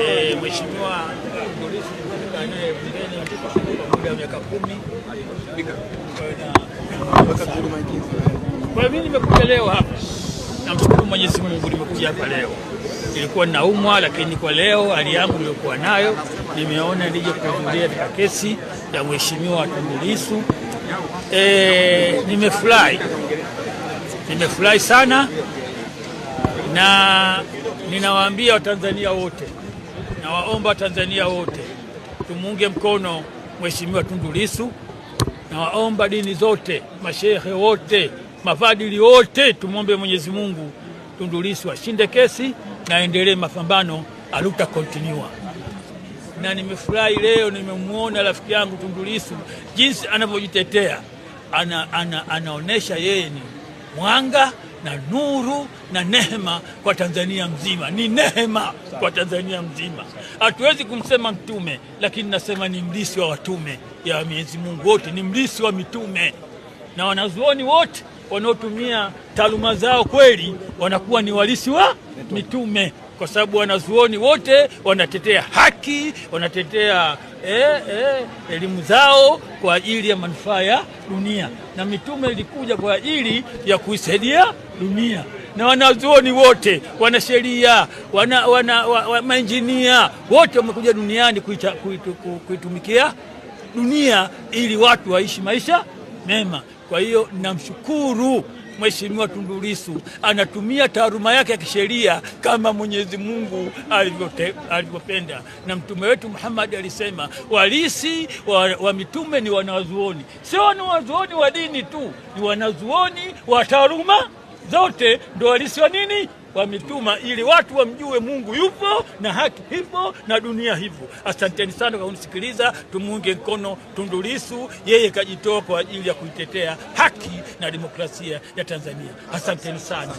Eh, mheshimiwa polisi naye kwa muda wa miaka kumi. Kwa mimi nimekuja leo hapa, namshukuru Mwenyezi Mungu, nimekuja hapa leo. ilikuwa naumwa, lakini kwa leo hali yangu niliyokuwa nayo nimeona nije kuhudhuria katika kesi ya mheshimiwa Tundu Lissu. E, nimefurahi, nimefurahi sana na ninawaambia Watanzania wote na waomba Tanzania wote tumuunge mkono Mheshimiwa Tundu Lissu, na waomba dini zote, mashehe wote, mafadili wote, tumwombe Mwenyezi Mungu Tundu Lissu ashinde kesi na aendelee mapambano aluta kontinua. Na nimefurahi leo nimemwona rafiki yangu Tundu Lissu jinsi anavyojitetea ana, ana, anaonesha yeye ni mwanga na nuru na nehema kwa Tanzania mzima. Ni nehema kwa Tanzania mzima. Hatuwezi kumsema mtume, lakini nasema ni mlisi wa watume ya Mwenyezi Mungu wote, ni mlisi wa mitume na wanazuoni wote wanaotumia taaluma zao kweli wanakuwa ni walisi wa mitume, kwa sababu wanazuoni wote wanatetea haki, wanatetea eh, eh, elimu zao kwa ajili ya manufaa ya dunia, na mitume ilikuja kwa ajili ya kuisaidia dunia na wanazuoni wote, wanasheria, wana, wana, wana, mainjinia wote wamekuja duniani kuita, kuitumikia dunia ili watu waishi maisha mema. Kwa hiyo namshukuru Mheshimiwa Tundu Lissu anatumia taaluma yake ya kisheria kama Mwenyezi Mungu alivyopenda, na mtume wetu Muhammad alisema walisi wa, wa mitume ni wanazuoni, sio wanazuoni wa dini tu, ni wanazuoni wa taaluma zote, ndo walisi wa nini wamituma ili watu wamjue Mungu yupo na haki hivyo na dunia hivyo. Asanteni sana kwa kunisikiliza. Tumuunge mkono Tundu Lissu, yeye kajitoa kwa ajili ya kuitetea haki na demokrasia ya Tanzania. Asanteni sana.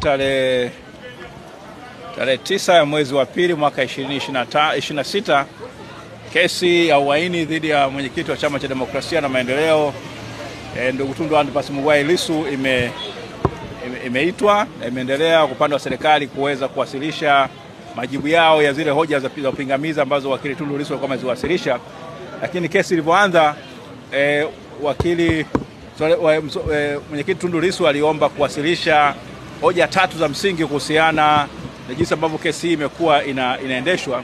Tarehe tarehe tisa ya mwezi wa pili mwaka 2026 kesi ya uhaini dhidi ya mwenyekiti wa Chama cha Demokrasia na Maendeleo e, ndugu Tundu Antipas mugwai Lissu ime imeitwa na imeendelea kwa upande wa serikali kuweza kuwasilisha majibu yao ya zile hoja za upingamizi ambazo wakili Tundu Lissu alikuwa ameziwasilisha, lakini kesi ilivyoanza e, wakili so, mwenyekiti Tundu Lissu aliomba kuwasilisha hoja tatu za msingi kuhusiana na jinsi ambavyo kesi hii imekuwa ina, inaendeshwa,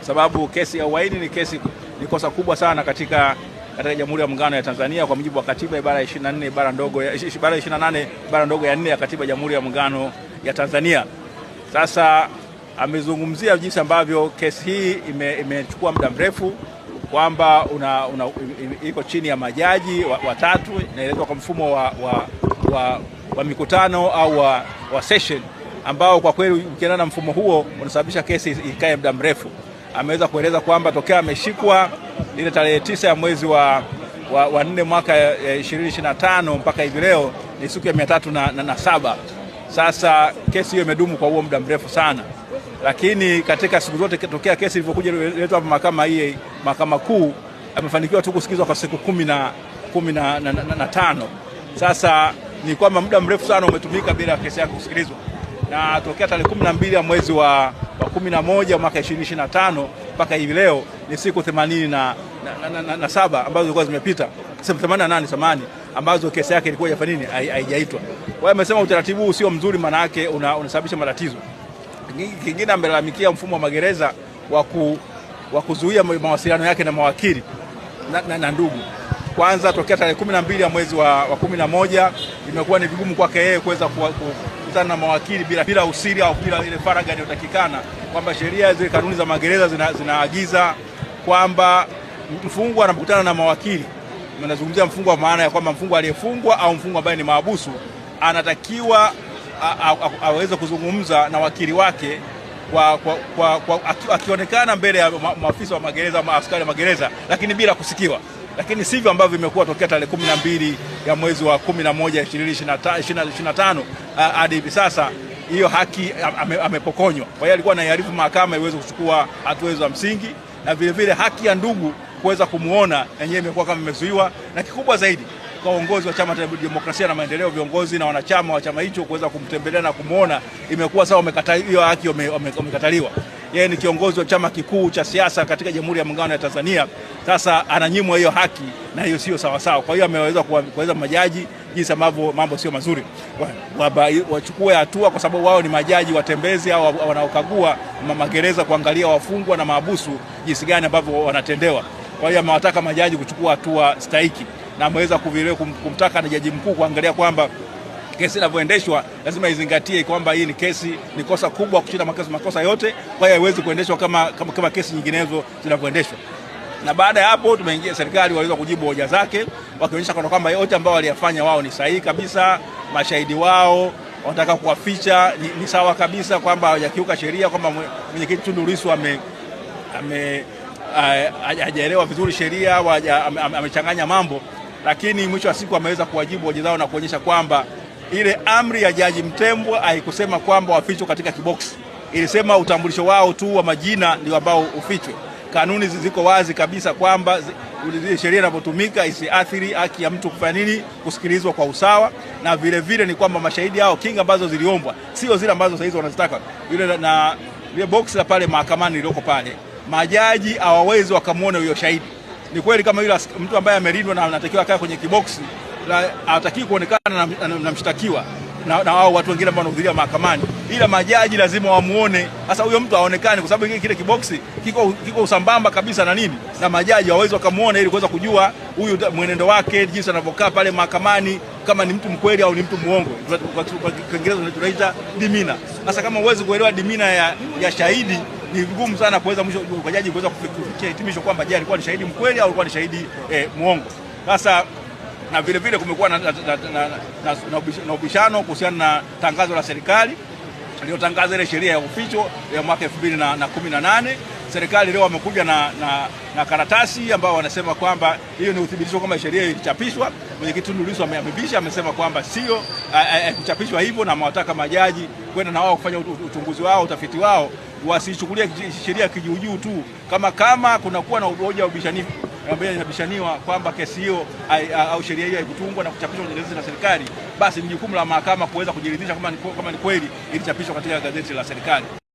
sababu kesi ya uhaini ni kesi ni kosa kubwa sana katika katika Jamhuri ya Muungano ya Tanzania kwa mujibu wa katiba ibara ya 24 ibara ndogo ya 28 ibara ndogo ya 4 ya katiba ya Jamhuri ya Muungano ya Tanzania. Sasa amezungumzia jinsi ambavyo kesi hii imechukua ime muda mrefu kwamba una, una, iko chini ya majaji watatu wa inaelezwa kwa mfumo wa, wa, wa, wa mikutano au wa, wa session ambao kwa kweli ukiendana na mfumo huo unasababisha kesi ikae muda mrefu. Ameweza kueleza kwamba tokea ameshikwa ile tarehe tisa ya mwezi wa, wa, wa nne mwaka 2025 eh, mpaka hivi leo ni siku ya mia tatu na, na, na saba. Sasa kesi hiyo imedumu kwa huo muda mrefu sana lakini katika siku zote tokea kesi ilivyokuja iletwa hapa mahakama hii mahakama kuu amefanikiwa tu kusikizwa kwa siku kumi na, kumi na, na, na, na tano. Sasa ni kwamba muda mrefu sana umetumika bila kesi yake kusikilizwa, na tokea tarehe kumi na mbili ya mwezi wa, wa kumi na moja mwaka ishirini na tano mpaka hivi leo ni siku themanini na, na, na, na, na saba ambazo zilikuwa zimepita, themanini na nane samani ambazo kesi yake ilikuwa haijaitwa. Kwa hiyo amesema utaratibu huu sio mzuri, maana yake unasababisha una matatizo. Kingine amelalamikia mfumo wa magereza wa ku, wa kuzuia mawasiliano yake na mawakili na, na, na ndugu. Kwanza tokea tarehe kumi na mbili ya mwezi wa, wa kumi na moja imekuwa ni vigumu kwake yeye kuweza kukutana na mawakili bila, bila usiri au bila ile faragha inayotakikana kwamba sheria zile kanuni za magereza zina, zinaagiza kwamba mfungwa anapokutana na mawakili, nazungumzia mfungwa maana ya kwamba mfungwa aliyefungwa au mfungwa ambaye ni maabusu anatakiwa aweze kuzungumza na wakili wake kwa, kwa, kwa, kwa, akionekana mbele ya maafisa wa magereza ama askari wa magereza, lakini bila kusikiwa, lakini sivyo ambavyo imekuwa tokea tarehe kumi na mbili ya mwezi wa kumi na moja ishirini na tano hadi hivi sasa hiyo haki amepokonywa. Kwa hiyo alikuwa anaiarifu mahakama iweze kuchukua hatua za msingi, na vilevile vile haki ya ndugu kuweza kumwona yenyewe imekuwa kama imezuiwa, na kikubwa zaidi kwa uongozi wa Chama cha Demokrasia na Maendeleo, viongozi na wanachama wa chama hicho kuweza kumtembelea na kumwona, imekuwa sawa hiyo haki, wamekataliwa. Yeye ni kiongozi wa chama kikuu cha siasa katika Jamhuri ya Muungano ya Tanzania. Sasa ananyimwa hiyo haki, na hiyo sio sawasawa. Kwa hiyo ameweza kuweza majaji jinsi ambavyo mambo sio mazuri, wachukue hatua, kwa sababu wao ni majaji watembezi au wanaokagua magereza kuangalia wafungwa na maabusu jinsi gani ambavyo wanatendewa. Kwa hiyo amewataka majaji kuchukua hatua stahiki na ameweza kumtaka na jaji mkuu kuangalia kwamba kesi inavyoendeshwa lazima izingatie kwamba hii ni kesi, ni kosa kubwa kushinda makosa, makosa yote. Kwa hiyo haiwezi kuendeshwa kama, kama, kama kesi nyinginezo zinavyoendeshwa. Na baada ya hapo tumeingia serikali, waliweza kujibu hoja zake wakionyesha kwamba yote ambao waliyafanya wao ni sahihi kabisa, mashahidi wao wanataka kuwaficha ni, ni sawa kabisa kwamba hawajakiuka sheria, kwamba mwenyekiti Tundu Lissu ame, ame hajaelewa vizuri sheria au amechanganya mambo lakini mwisho wa siku ameweza kuwajibu hoja zao na kuonyesha kwamba ile amri ya Jaji Mtembwa haikusema kwamba wafichwe katika kiboksi, ilisema utambulisho wao tu wa majina ndio ambao ufichwe. Kanuni ziko wazi kabisa kwamba sheria inavyotumika isiathiri haki ya mtu kufanya nini, kusikilizwa kwa usawa, na vile vile ni kwamba mashahidi hao, kinga ambazo ziliombwa sio zile ambazo saizi wanazitaka yule, na ile box la pale mahakamani iliyoko pale, majaji hawawezi wakamwona huyo shahidi ni kweli kama yule mtu ambaye amelindwa na anatakiwa akae kwenye kiboksi, hatakiwi kuonekana na, na, na, na mshtakiwa na, na wao watu wengine ambao wanahudhuria mahakamani, ila majaji lazima wamuone. Sasa huyo mtu aonekane, kwa sababu kile kiboksi kiko, kiko usambamba kabisa na nini na majaji waweze wakamuona, ili kuweza kujua huyu mwenendo wake, jinsi anavyokaa pale mahakamani, kama ni mtu mkweli au ni mtu muongo. Kwa Kiingereza tunaita dimina. Sasa kama huwezi kuelewa dimina ya, ya shahidi ni ngumu sana kuweza mwisho kwa jaji kuweza kufikia hitimisho kwamba je, alikuwa ni shahidi mkweli au alikuwa ni shahidi eh, mwongo. Sasa na vile vile kumekuwa na, na, na, na, na ubishano kuhusiana na tangazo la serikali iliyotangaza ile sheria ya uficho ya mwaka elfu mbili na, na kumi na nane. Serikali leo wamekuja na, na, na karatasi ambao wanasema kwamba hiyo ni uthibitisho kwamba sheria ilichapishwa. Mwenyekiti Tundu Lissu amebisha, amesema kwamba sio kuchapishwa hivyo, na mawataka majaji kwenda na wao kufanya uchunguzi wao, utafiti wao, wasichukulie sheria kijuujuu tu, kama kama kunakuwa na hoja ubishanifu ambayo inabishaniwa kwamba kesi hiyo au sheria hiyo haikutungwa na kuchapishwa kwenye gazeti la serikali, basi ni jukumu la mahakama kuweza kujiridhisha kama ni kweli ilichapishwa katika gazeti la serikali.